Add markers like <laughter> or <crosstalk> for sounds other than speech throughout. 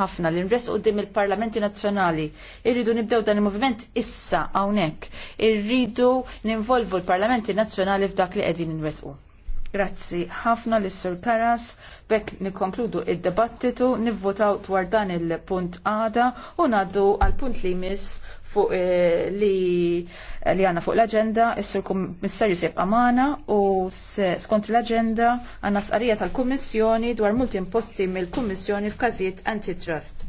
ħafna li nres dim il-Parlamenti Nazzjonali. Irridu nibdew dan il movement issa hawnhekk. Irridu ninvolvu l-Parlamenti Nazzjonali f'dak li qegħdin inwetqu. Grazzi ħafna lis sur Karas, bekk nikkonkludu id-debattitu, nivvotaw dwar dan il-punt għada u naddu għal punt li mis fuq eh, li eh, li għanna fuq l-agenda, s-sur kummissarju sepp għamana u skont l-agenda għanna sqarija tal-Kummissjoni dwar multi imposti mill-Kummissjoni f'każijiet antitrust.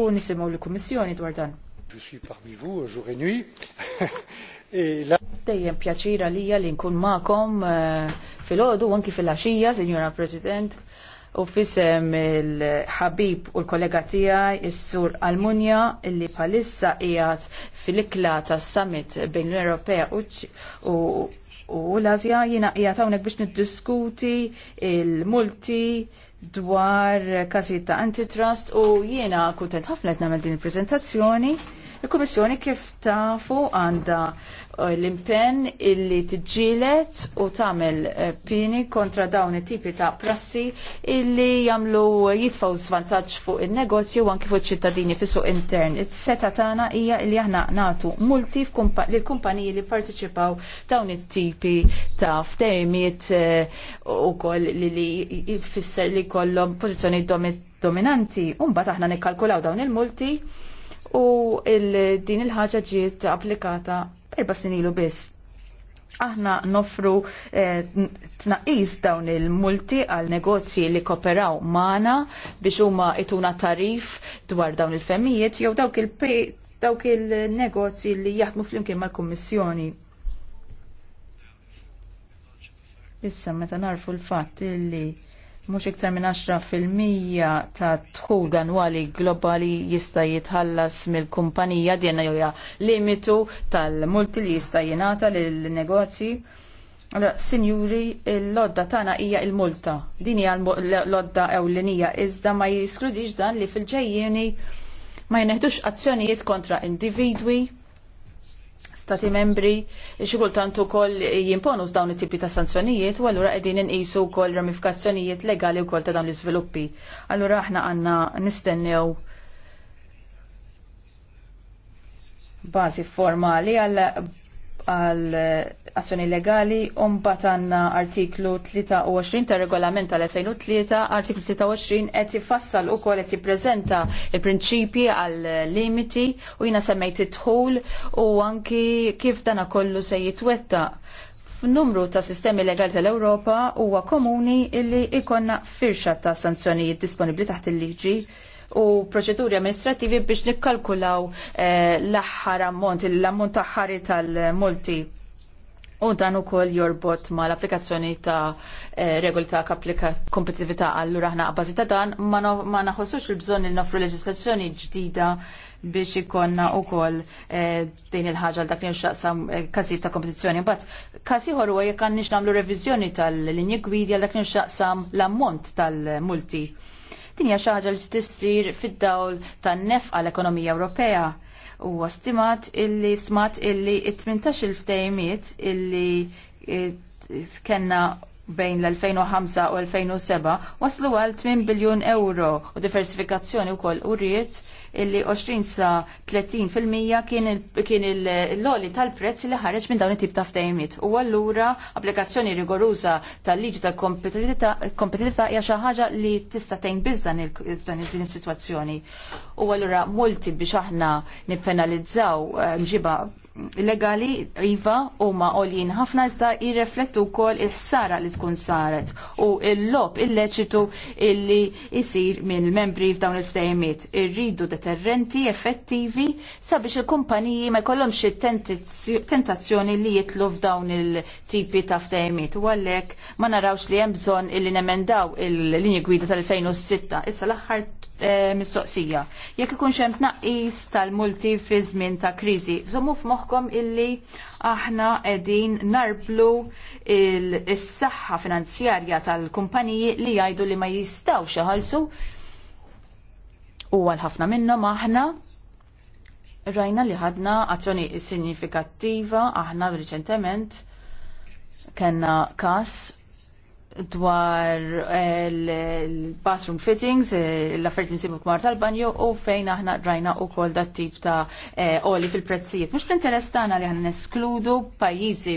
U nisimgħu l-Kummissjoni dwar dan. Je suis parmi vous jour et nuit. <laughs> E, Dejjem pjaċira lija li nkun ma'kom eh, fil-ħodu anki fil għaxija Signora President, u fisem il-ħabib u l-kollega tijaj, il-sur Almunja, illi palissa ijat fil-ikla ta' summit bejn l-Europea u l-Azja jina ijat għawnek biex niddiskuti il-multi dwar kasi ta' antitrust u jiena kutent ħafna qed nagħmel din il prezentazzjoni Il-Kummissjoni kif tafu għandha eh, l-impenn illi tiġġielet u tagħmel eh, pini kontra dawn it-tipi ta' prassi illi jagħmlu eh, jitfgħu żvantaġġ fuq in-negozju u anki fuq iċ-ċittadini fis-suq intern. il seta tagħna hija li aħna nagħtu multi l kumpaniji li partiċipaw dawn it-tipi ta' u ukoll li jfisser li jkollhom pożizzjoni dominanti. u mbagħad aħna nikkalkulaw dawn il-multi u din il-ħaġa ġiet applikata erba' sinilu biss. Aħna nofru eh, tnaqis dawn il-multi għal negozji li koperaw mana biex huma ituna tarif dwar dawn il-femijiet jew dawk il dawk il-negozji li jaħdmu flimkien mal-Kummissjoni. Issa meta narfu l-fatt li Mhux iktar minn 10% ta' dħul annwali globali jista' jitħallas mill-kumpanija djena joja limitu tal-multi li jista' jingħata lill-negozji. Allora, signuri, l-lodda tagħna hija l-multa. Din hija l-lodda ewlenija iżda ma jiskludix dan li fil-ġejjieni ma jneħdux azzjonijiet kontra individwi, stati membri xikultant ukoll jimponu f'dawn it-tipi ta' sanzjonijiet u allura qegħdin inqisu wkoll ramifikazzjonijiet legali wkoll ta' dawn l-iżviluppi. Allura aħna għandna nistennew bażi formali għal għal eh, azzjoni legali umbat batanna artiklu 23 ta' regolament tal-2003, artiklu 23 qed jifassal ukoll qed jippreżenta il-prinċipji għal limiti u jina semmejt it-tħul u anki kif dana kollu se jitwetta. F'numru ta' sistemi legali tal-Ewropa huwa komuni illi ikonna firxa ta' sanzjonijiet disponibbli taħt il-liġi u proċeduri amministrativi biex nikkalkulaw eh, l-aħħar ammont, l-ammont aħħari tal-multi. U dan ukoll jorbot ma l-applikazzjoni ta' eh, regoli ta' kompetitività allura aħna għabbażi ta' dan ma naħossux il-bżonn li nofru leġislazzjoni ġdida biex ikonna u koll eh, din il-ħagġa l-dak li nxaqsam każijiet ta' kompetizjoni. Bat, kasi ħorru jekk għandniex namlu revizjoni tal-linji gwidi għal dak li nxaqsam l-ammont tal-multi. Tinja hija xi ħaġa li tissir fid-dawl tan nef għal ekonomija Ewropea. Huwa stimat illi smat illi 18.000 il ftejmiet illi kenna bejn l-2005 u 2007 waslu għal 8 biljun euro u diversifikazzjoni wkoll u rrit illi 20 sa 30% fil-mija kien il-loli tal-prezz li ħareġ minn dawn it-tip ta' ftejmiet. U allura applikazzjoni rigoruża tal-liġi tal kompetitiva hija xi ħaġa li tista' tgħin biss dan din is-sitwazzjoni. U allura multi biex aħna nippenalizzaw eh, mġiba legali iva huma għoljin ħafna iżda jirreflettu wkoll il-ħsara li tkun saret u l-lob illeċitu illi jisir minn membri f'dawn il-ftehimiet. Irridu deterrenti effettivi sabiex il-kumpaniji ma jkollhomx tentazzjoni li jitlu f'dawn il-tipi ta' ftehimiet u għalhekk ma narawx li hemm bżonn illi nemendaw il-linji gwida tal-2006. Issa l-aħħar eh, mistoqsija. Jekk ikunx hemm tnaqqis tal-multi fi żmien ta' kriżi, żommu f'moħħ tagħkom illi aħna qegħdin narblu is-saħħa finanzjarja tal-kumpaniji li jgħidu li ma jistgħux iħallsu u għal ħafna minnhom aħna rajna li ħadna azzjoni sinifikattiva aħna riċentement kellna każ dwar il-bathroom eh, fittings, eh, l affert nsibu kmar tal-banjo u fejn aħna rajna u kol dat tip ta' eh, oli fil-prezzijiet. Mux fl-interess tagħna li aħna neskludu pajjiżi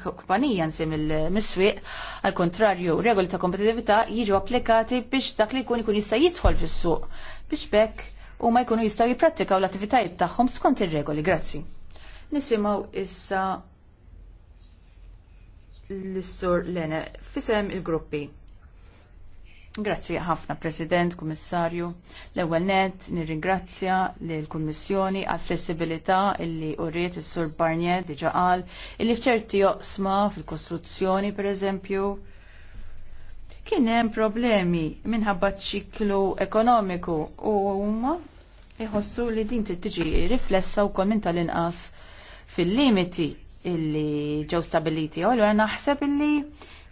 kumpanija nsim il-miswiq, għal kontrarju regoli ta' kompetitività jiġu applikati biex dak li jkun ikun jista' jitħol fis-suq biex bekk u ma jkunu jistgħu jippratikaw l-attivitajiet tagħhom skont ir-regoli. Grazzi. Nisimgħu issa l-Sur Lene, fisem il-gruppi. Grazzi ħafna President, Kummissarju. L-ewwel net nirringrazzja lill kummissjoni għal flessibilità illi urriet is-Sur Barnier diġà qal illi f'ċerti joqsma fil-kostruzzjoni pereżempju kien hemm problemi minħabba ċiklu ekonomiku u huma jħossu li din tiġi riflessa wkoll minn tal-inqas fil-limiti illi ġew stabiliti. U allura naħseb illi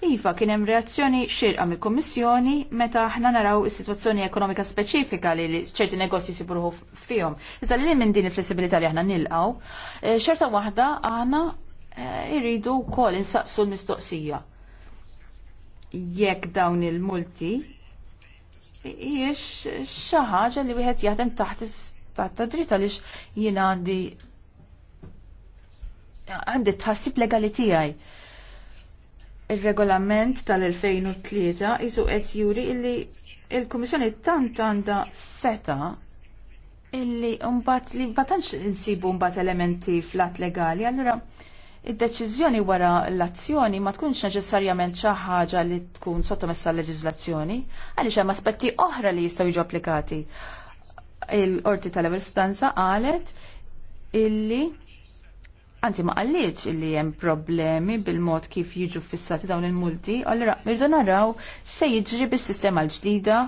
Iva, kien hemm reazzjoni xirqa mill-Kummissjoni meta aħna naraw is-sitwazzjoni ekonomika speċifika li ċerti negozji sibruħu fihom. Iżda li minn din il-flessibilità li aħna nilqgħu, eh, xorta waħda aħna eh, irridu wkoll insaqsu l-mistoqsija. Jekk dawn il-multi hijiex xi ħaġa li wieħed jaħdem taħt ta' dritta għaliex jien għandi għandi tħassib legali tiegħi. Ir-regolament tal-2003 isu qed juri illi il-Kummissjoni tant għandha seta illi mbagħad li batanx insibu mbagħad elementi flat legali, allura id-deċiżjoni wara l-azzjoni ma tkunx neċessarjament xi ħaġa li tkun sottomessa l leġizlazzjoni għaliex hemm aspetti oħra li jistgħu jiġu applikati. Il-qorti tal-Level Stanza qalet illi Għanti ma għalliċ li hemm problemi bil-mod kif jiġu fissati dawn il-multi, għallura, irdu naraw xe jiġri bis-sistema l-ġdida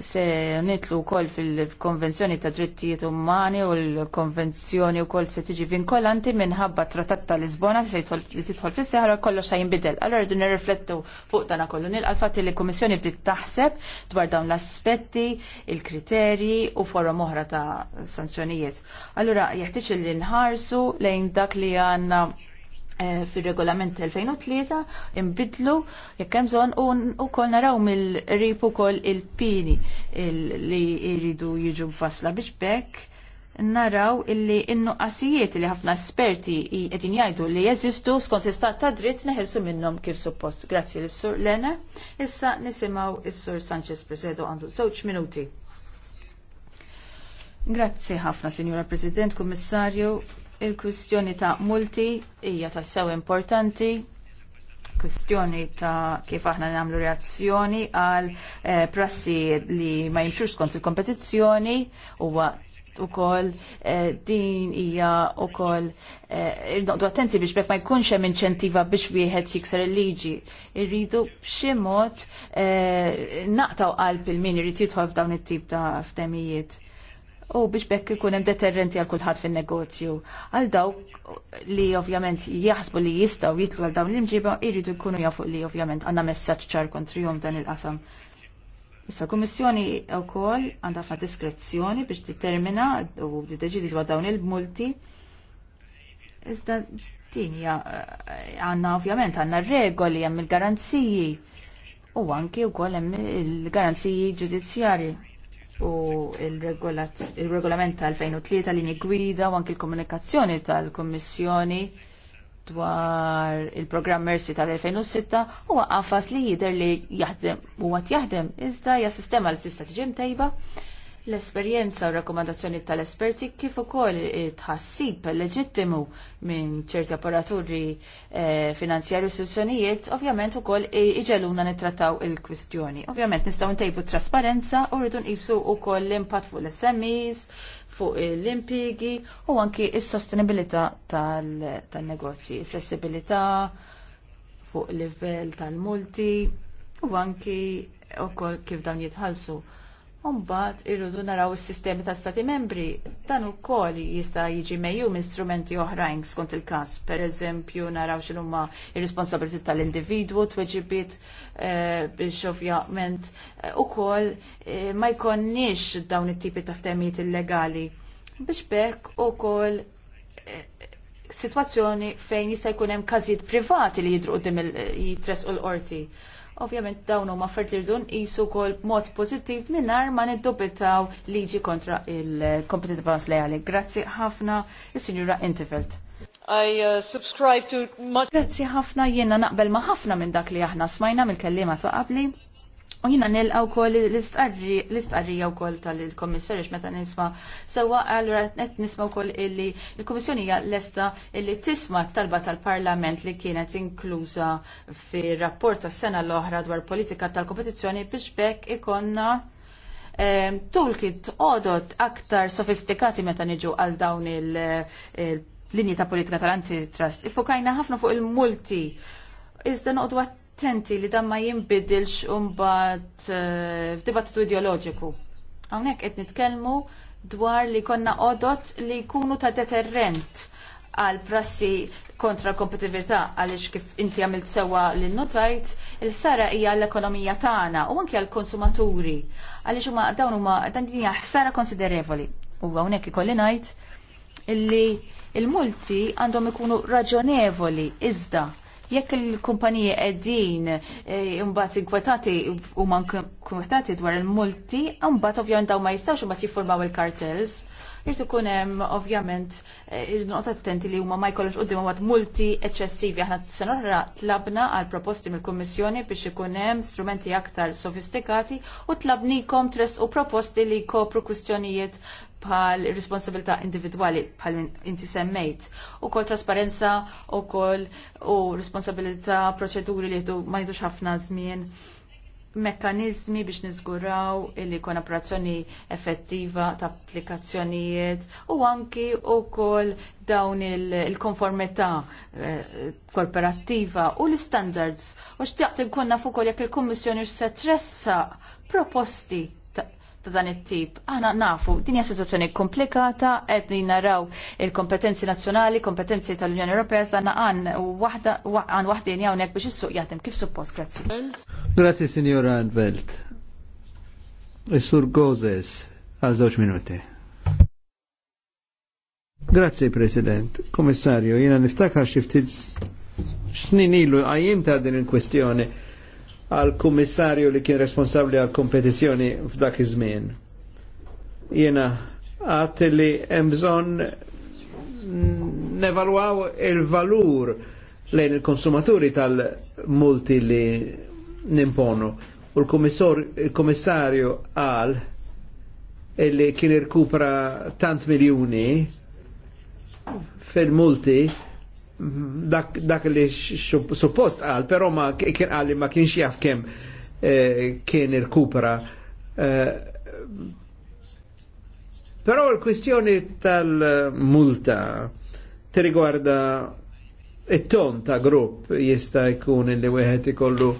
se nitlu wkoll fil-Konvenzjoni ta' Drittijiet Umani u l-Konvenzjoni wkoll se tiġi vinkolanti minħabba Trattat ta' Lisbona se titħol fis seħra xajn bidel. Allora din nirriflettu fuq dana kollu nil fatt li l-Kummissjoni bdiet taħseb dwar dawn l-aspetti, il-kriterji u forum oħra ta' sanzjonijiet. Allura jeħtieġ li nħarsu lejn dak li għandna Eh, fil-regolament 2003 imbidlu jekk hemm bżonn u kol naraw mill-qrib ukoll il-pini li jridu jiġu fasla biex bekk naraw illi innu qasijiet li ħafna esperti qegħdin jgħidu li jeżistu skont istat ta' dritt neħilsu minnhom kif suppost. Grazzi l sur Lena. Issa nisimgħu s sur Sanchez Presedo għandu żewġ minuti. Grazzi ħafna, Sinjora President, Kummissarju, il-kwistjoni ta' multi hija ta' sew importanti kwistjoni ta' kif aħna nagħmlu reazzjoni għal eh, prassi li ma jimxux skont il-kompetizzjoni huwa ukoll eh, din hija ukoll eh, irnoqdu attenti biex bekk ma jkunx hemm inċentiva biex wieħed jikser il-liġi. Irridu b'xi mod naqtaw qalb il-min irid jidħol f'dawn it-tip ta' ftemijiet u biex bekk ikun hemm deterrenti għal kulħadd fin-negozju. Għal dawk li ovvjament jaħsbu li jistgħu jitlu għal dawn l-imġiba jridu jkunu jafu li ovvjament għandna messaġġ ċar kontrihom dan il-qasam. Issa kummissjoni wkoll għandha ħafna diskrezzjoni biex determina u tiddeċidi dwar dawn il-multi. Iżda din hija għandna ovvjament għandna regoli hemm il-garanziji u anki wkoll hemm il-garanziji ġudizzjarji u il-regolament tal-2003 linji gwida u anki l-komunikazzjoni tal-Kommissjoni dwar il-programm Mercy tal-2006 u għafas li jider li jaħdem u għat jaħdem iżda hija sistema li tista' tiġi tajba l-esperjenza u rakkomandazzjoni tal-esperti kif ukoll tħassib leġittimu minn ċerti apparaturi eh, finanzjarju sessjonijiet ovvjament ukoll iġeluna nittrattaw il-kwistjoni. Ovvjament nistgħu ntejbu trasparenza u rridu nqisu wkoll l-impatt fuq l-SMEs, fuq l-impigi u anki s-sostenibilità tal-negozji, tal flessibilità fuq livell tal-multi u anki ukoll kif dawn jitħallsu Umbat irridu naraw is-sistemi ta' stati membri dan ukoll jista' jiġi mejju minn strumenti oħrajn skont il-każ. Pereżempju naraw x'inhuma ir responsabilti tal-individwu tweġibiet eh, biex ovvjament eh, ukoll koll eh, ma jkonnix dawn it-tipi ta' ftemijiet illegali biex bekk ukoll koll sitwazzjoni fejn jista' jkun hemm każijiet privati li jidru qudiem jitresqu l-qorti. Ovvjament dawn huma fert li rridu nqisu wkoll b'mod pożittiv mingħajr ma niddubitaw liġi kontra il-kompetitiva lejali. Grazzi ħafna is-Sinjura Intifeld. I uh, subscribe to much... Grazzi ħafna jiena naqbel ma ħafna minn dak li aħna smajna mill kelliema ta' qabli. U jina nilqa u koll l-istqarrija u koll tal-komissarju meta nisma. Sewa għallura net nisma u koll illi il-komissjoni l-esta illi tisma talba tal-parlament li kienet inkluża fi rapport tas sena l-oħra dwar politika tal-kompetizjoni biex bekk ikonna ehm, tulkit odot aktar sofistikati meta niġu għal dawn il-linji ta' politika tal-antitrust. Ifukajna ħafna fuq il-multi. Iżda noqdu tenti li dan ma jinbidilx umbat eh, f'dibattitu ideoloġiku. Hawnhekk qed nitkellmu dwar li konna odot li jkunu ta' deterrent għal prassi kontra kompetitività għaliex kif inti għamilt sewa li notajt il-sara hija l-ekonomija tagħna u anke għall-konsumaturi għaliex huma dawn huma dan din ħsara konsiderevoli. U hawnhekk ikolli ngħid illi il-multi għandhom ikunu raġonevoli iżda Jekk il-kumpaniji qegħdin e, imbagħad inkwetati u man kwetati dwar il-multi, jumbat ovvjament daw ma jistgħux imbagħad jiffurmaw il-kartels. Irt ikun hemm ovvjament e, irnoqgħod attenti li huma ma jkollux quddiem wad multi eċċessivi. Aħna se oħra tlabna għal proposti mill-Kummissjoni biex ikun hemm strumenti aktar sofistikati u tlabnikom tres u proposti li jkopru kwistjonijiet bħal responsabilità individwali bħal inti semmejt u kol trasparenza u kol u responsabilità proċeduri li jtu ma jtux ħafna żmien mekkanizmi biex nizguraw illi kon operazzjoni effettiva ta' applikazzjonijiet u anki u kol dawn il-konformità eh, korporattiva u l-standards u xtaqt nkunna fuq kol jekk il-Kummissjoni se tressa proposti ta' dan it-tip. Aħna nafu, din hija sitwazzjoni komplikata, qed naraw il-kompetenzi nazzjonali, kompetenzi tal-Unjoni Ewropea għandna għan waħda għan waħdin hawnhekk biex issuq suq kif suppost. Grazzi. Grazzi Sinjora Anvelt. Is-Sur Gozes għal żewġ minuti. Grazzi President, Komissarju, jiena niftakar xi ftit snin ilu għajjim ta' din il-kwestjoni għal kummissarju li kien responsabli għal kompetizjoni f'dak iż-żmien. Jiena għat li hemm bżonn nevalwaw il-valur lejn il-konsumaturi tal-multi li nimponu. U l-kummissarju għal li kien irkupra tant miljuni fil-multi dak, dak li suppost għal, pero ma kien għal li ma kienx jaf kem eh, kien irkupra. Eh, però l-kwistjoni tal-multa tirigwarda il ton ta' grupp jista' jkun il li wieħed ikollu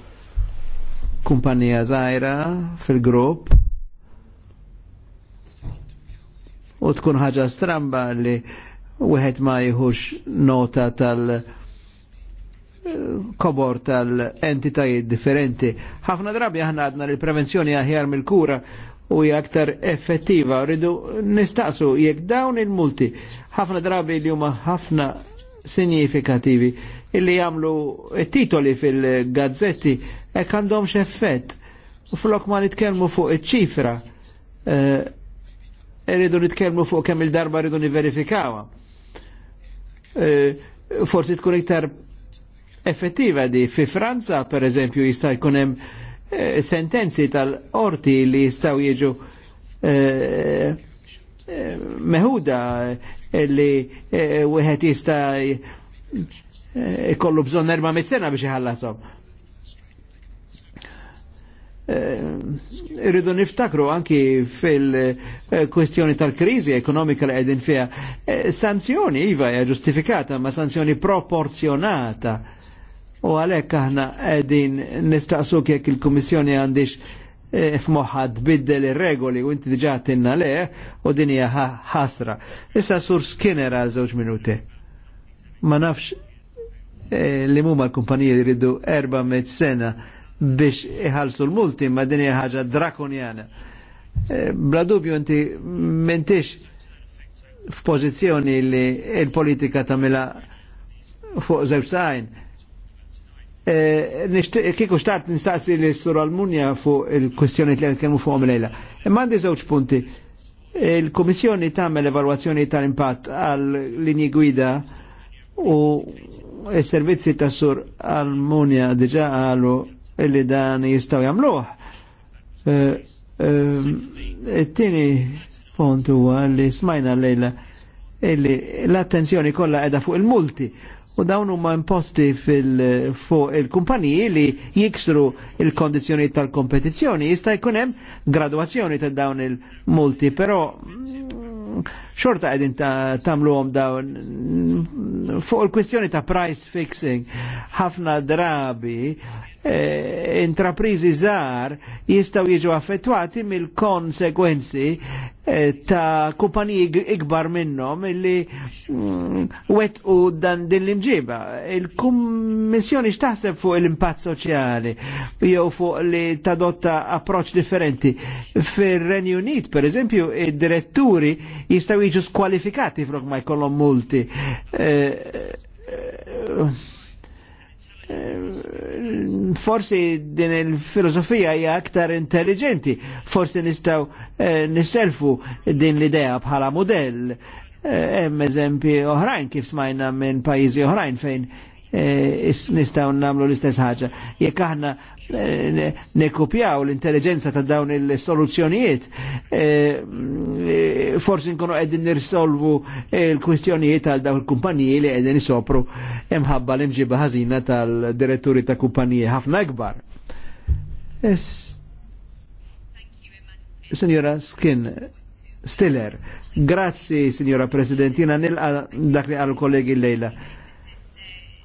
kumpanija zaħira fil-grupp u tkun ħaġa stramba li wieħed ma jħux nota tal- eh, kobor tal-entitajiet differenti. ħafna drabi aħna għadna li prevenzjoni aħjar mill-kura u hija aktar effettiva. Rridu nistaqsu jekk dawn il-multi ħafna drabi li huma ħafna signifikativi illi jagħmlu titoli fil-gazzetti hekk għandhomx effett. U flok ma nitkellmu fuq iċ-ċifra. Eh, rridu nitkellmu fuq kemm il-darba rridu niverifikawa. Eh, forsi tkun iktar effettiva di fi Franza per eżempju jista' jkun hemm eh, sentenzi tal-orti li jistaw jiġu eh, meħuda li wieħed jista' ikollu bżonn erba' mit-sena biex iħallasom. Eh, irridu niftakru anki fil-kwestjoni tal-krizi ekonomika li għedin fija. Eh, sanzjoni iva hija ġustifikata, ma sanzjoni proporzjonata. U għalek aħna għedin nistaqsu jekk il-Kummissjoni għandix e, f'moħħa tbiddel ir-regoli u inti diġà tinna le u din hija ħasra. Issa sur Skinner għal żewġ minuti. Ma nafx li mumma l-kumpanija jridu erba' sena biex iħalsu l-multi, ma din ħaġa drakonjana. E, bla dubju inti mentix f'pożizzjoni li il-politika tamela fuq zewġ sajn. E, Kiku xtaqt nistaqsi li s-sur Almunja fuq il-kwestjoni li kemmu fuq lejla. E, Mandi zewġ punti. Il-Komissjoni tagħmel evalwazzjoni tal-impatt għal linji gwida u s-servizzi ta' sur Almunja diġa għalu illi dan jistaw jamluħ. E, e, it-tini punt huwa li smajna lejla illi l-attenzjoni kollha qiegħda fuq il-multi u dawn huma imposti fuq il-kumpaniji li jiksru il-kondizjoni tal-kompetizzjoni jista' jkun hemm graduazzjoni ta' dawn il-multi, però mm, xorta qegħdin tagħmluhom dawn fuq il-kwestjoni ta' price fixing ħafna drabi Eh, intraprizi żgħar jistgħu jiġu affettwati mill-konsegwenzi eh, ta' kumpaniji ikbar minnhom illi mm, wetqu dan din l-imġiba. Il-Kummissjoni x'taħseb fuq l-impatt soċjali jew fuq li tadotta approċċ differenti. Fir-Renju Unit, per eżempju, id-diretturi jistgħu jiġu skwalifikati flok ma jkollhom multi. Eh, eh Eh, forsi din il-filosofija hija aktar intelligenti, forsi nistaw eh, nisselfu din l-idea bħala modell. Eh, hemm eżempji oħrajn kif smajna minn pajjiżi oħrajn fejn eh, nistaw namlu l-istess ħaġa. Jekk aħna nekupjaw l-intelligenza ta' dawn il-soluzzjonijiet, forsi nkunu qegħdin nirsolvu l-kwistjonijiet għal dawn il-kumpaniji li qegħdin isopru imħabba l-imġiba ħażina tal-diretturi ta' kumpaniji ħafna akbar. Es... Signora Skin, Stiller, grazzi Signora Presidentina, nil dak li għal kollegi l-lejla.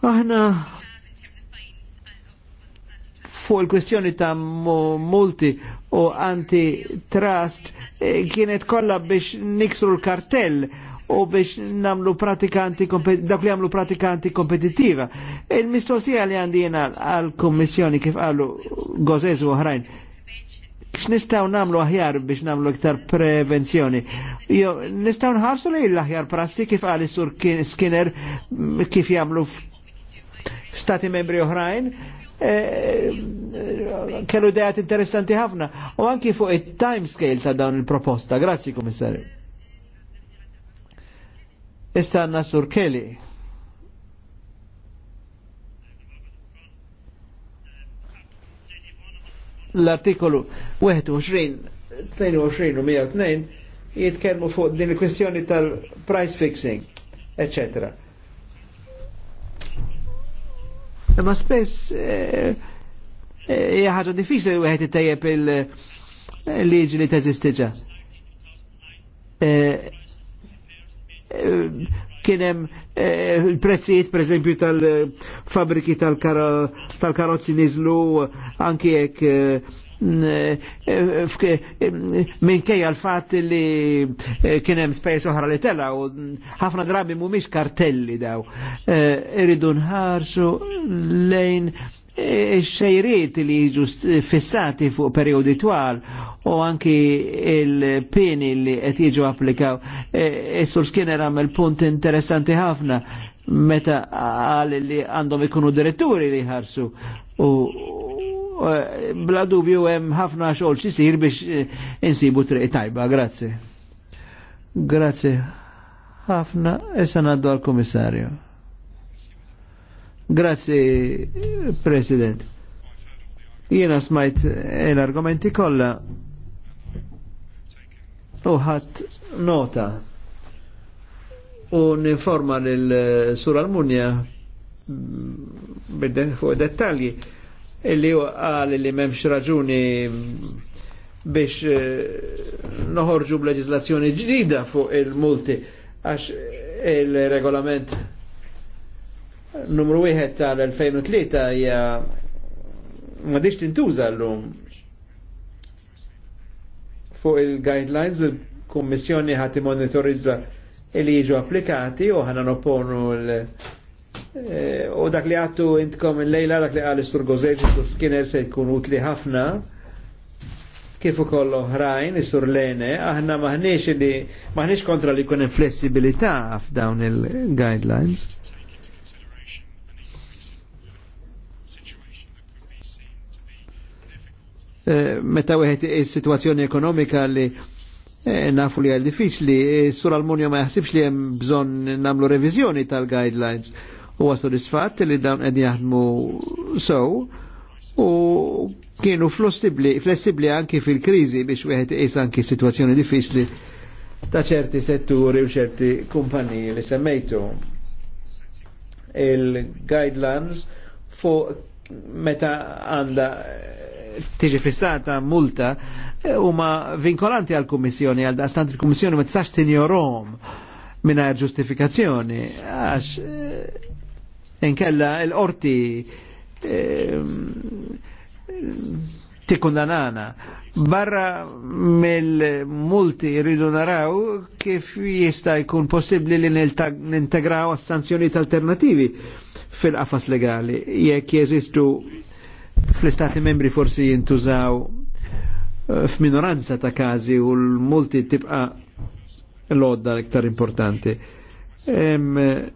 Aħna fuq il-kwestjoni ta' multi u antitrust e, kienet kolla biex niksru l-kartell u biex namlu pratikanti, dak li għamlu pratikanti kompetitiva. Il-mistoqsija li għandi jena għal-kommissjoni kif għallu gozez u Kx nistaw namlu aħjar biex namlu iktar prevenzjoni. Jo, nistaw nħarsu li l-aħjar prassi kif għalli sur Skinner kif jamlu f stati membri oħrajn Eh, kellu idejat interessanti ħafna u anki fuq il-time scale ta' dawn il-proposta. Grazzi, komissarju. Issa għanna Sur Kelly. L-artikolu 21, 22 u 102 jitkellmu fuq din il-kwestjoni tal-price fixing, eccetera Ma spess eh, eh, hija ħaġa diffiċli li wieħed ittejjeb il-liġi li teżistiġa. Eh, kien hemm il-prezzijiet pereżempju tal-fabriki tal-karozzi niżlu anke jekk minn minkejja l fat li eh, kienem hemm space oħra li tella u ħafna drabi mhumiex kartelli daw. Eh, irridu nħarsu lejn eh, xejriet li jiġu fissati fuq periodi twal u anki il-pini li qed jiġu applikaw. Issur sur Skinner il punt interessanti ħafna meta għal li għandhom ikunu diretturi li ħarsu Eh, bla dubju hemm ħafna xogħol xisir biex eh, insibu triq tajba, grazzi. Grazzi ħafna, issa ngħaddu għall-Kummissarju. Grazzi, President. Jiena smajt eh, l-argumenti kollha u ħadd nota u ninforma lil Sur Almunja mm, bidden fuq dettalji illi għal li memx raġuni biex eh, noħorġu b'leġislazzjoni ġdida fuq il-multi għax il-regolament numru 1 tal-2003 hija ma diċ tintuża l-lum fuq il-guidelines il-Kummissjoni ħati monitorizza li jiġu applikati u ħana nopponu l- Eh, u dak li għattu intkom il-lejla, dak li għal istur Gozeġ, istur Skinner se jkun utli ħafna, kifu ukoll oħrajn, istur Lene, aħna maħniex li maħniex kontra li jkun flessibilità f'dawn il-guidelines. Eh, meta wieħed is-sitwazzjoni ekonomika li eh, nafu li għal diffiċli, sur Almunio ma jaħsibx li hemm bżonn nagħmlu reviżjoni tal-guidelines huwa sodisfatt li dawn għed jahdmu sow u kienu flessibli anki fil-kriżi biex wieħed iqis anki situazzjoni diffiċli ta' ċerti setturi u ċerti kumpaniji li semmejtu. Il-guidelines fuq meta għanda tiġi fissata multa eh, huma vinkolanti għal kummissjoni għal stant il kommissjoni ma tistax tinjorom minna ġustifikazzjoni għax eh, inkella l-qorti ehm, kundanana. Barra mill-multi rridu naraw kif jista' jkun possibbli li nintegraw sanzjonijiet alternativi fil-qafas legali jekk jeżistu fl-istati membri forsi jintużaw eh, f'minoranza ta' każi u l-multi tibqa' l-odda l-iktar importanti. Em,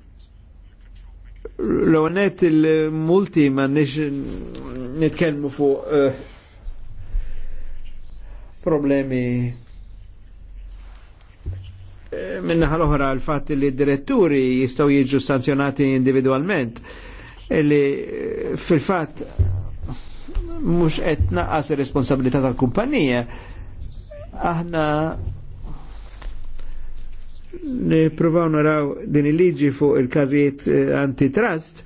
L-għonet il-multi ma nix nitkelmu fu eh, problemi eh, minna ħal ohra l-fat li diretturi jistaw jiġu sanzjonati individualment li eh, fil-fat mux etna għas responsabilità tal-kumpanija aħna niprovaw naraw din il-liġi fuq il-każijiet eh, antitrust,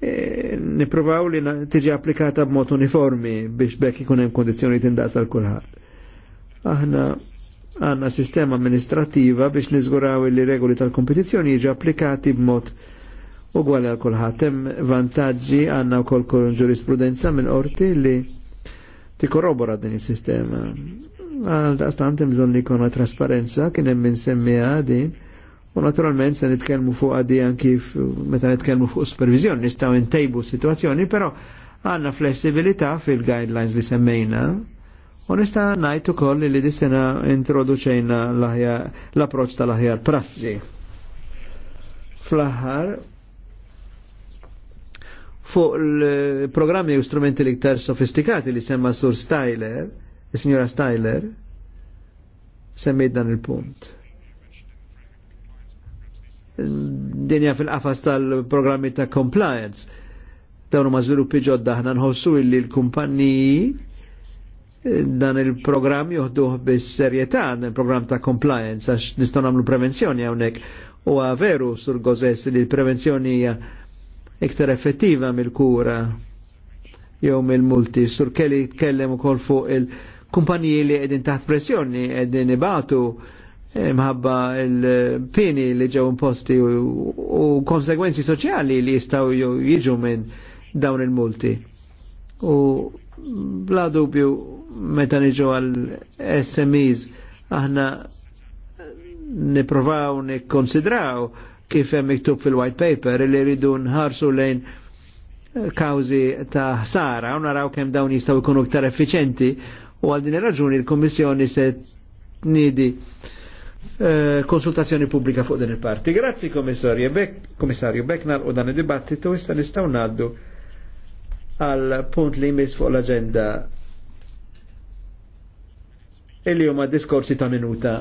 eh, niprovaw li tiġi applikata b'mod uniformi biex bekk ikun hemm kondizzjoni tindaqs għal kulħadd. Aħna għandna sistema amministrativa biex niżguraw li regoli tal-kompetizzjoni jiġu applikati b'mod ugwali għal kulħadd. Hemm vantaġġi għandna wkoll ġurisprudenza minn qorti li tikkorrobora din is-sistema. Għal-daqstant imżon li kona trasparenza, kien hemm insemmija din, u naturalment se nitkellmu fuq għadi anki meta nitkellmu fuq supervizjoni, nistaw intejbu situazzjoni, però għanna flessibilità fil-guidelines li semmejna, u nista najt ukoll li di introduċejna l-approċ tal-aħjar prassi. Fl-aħħar, fuq il-programmi u strumenti li ktar sofistikati li semma Sur Styler, Il-Signora Styler semmejt dan il-punt. Dinja fil-qafas tal-programmi ta' compliance. Dawn ma' żviluppi ġodda ħna nħossu illi l-kumpanniji dan il-programm joħduh bis-serjetà, il-programm ta' compliance, għax nistgħu nagħmlu prevenzjoni hawnhekk. U veru sur gozess li l-prevenzjoni hija iktar effettiva mill-kura jew mill-multi. Sur kelli tkellem ukoll fuq il- kumpaniji li għedin taħt pressjoni għedin ibatu eh, mħabba il-pini li ġew imposti u konsegwenzi soċjali li jistaw jiġu minn dawn il-multi. U bla dubju meta niġu għal SMEs aħna niprovaw nikkonsidraw kif hemm miktub fil-white paper li rridu nħarsu lejn kawzi ta' ħsara u naraw kemm dawn jistgħu jkunu iktar effiċenti U għal din raġuni il kommissjoni se nidi eh, konsultazzjoni pubblika fuq din il-parti. Grazzi komissarju, Bek, Kommissarju Bek u dan il dibattitu issa nistgħu naddu għal punt li jmiss fuq l agenda il huma diskorsi ta' minuta.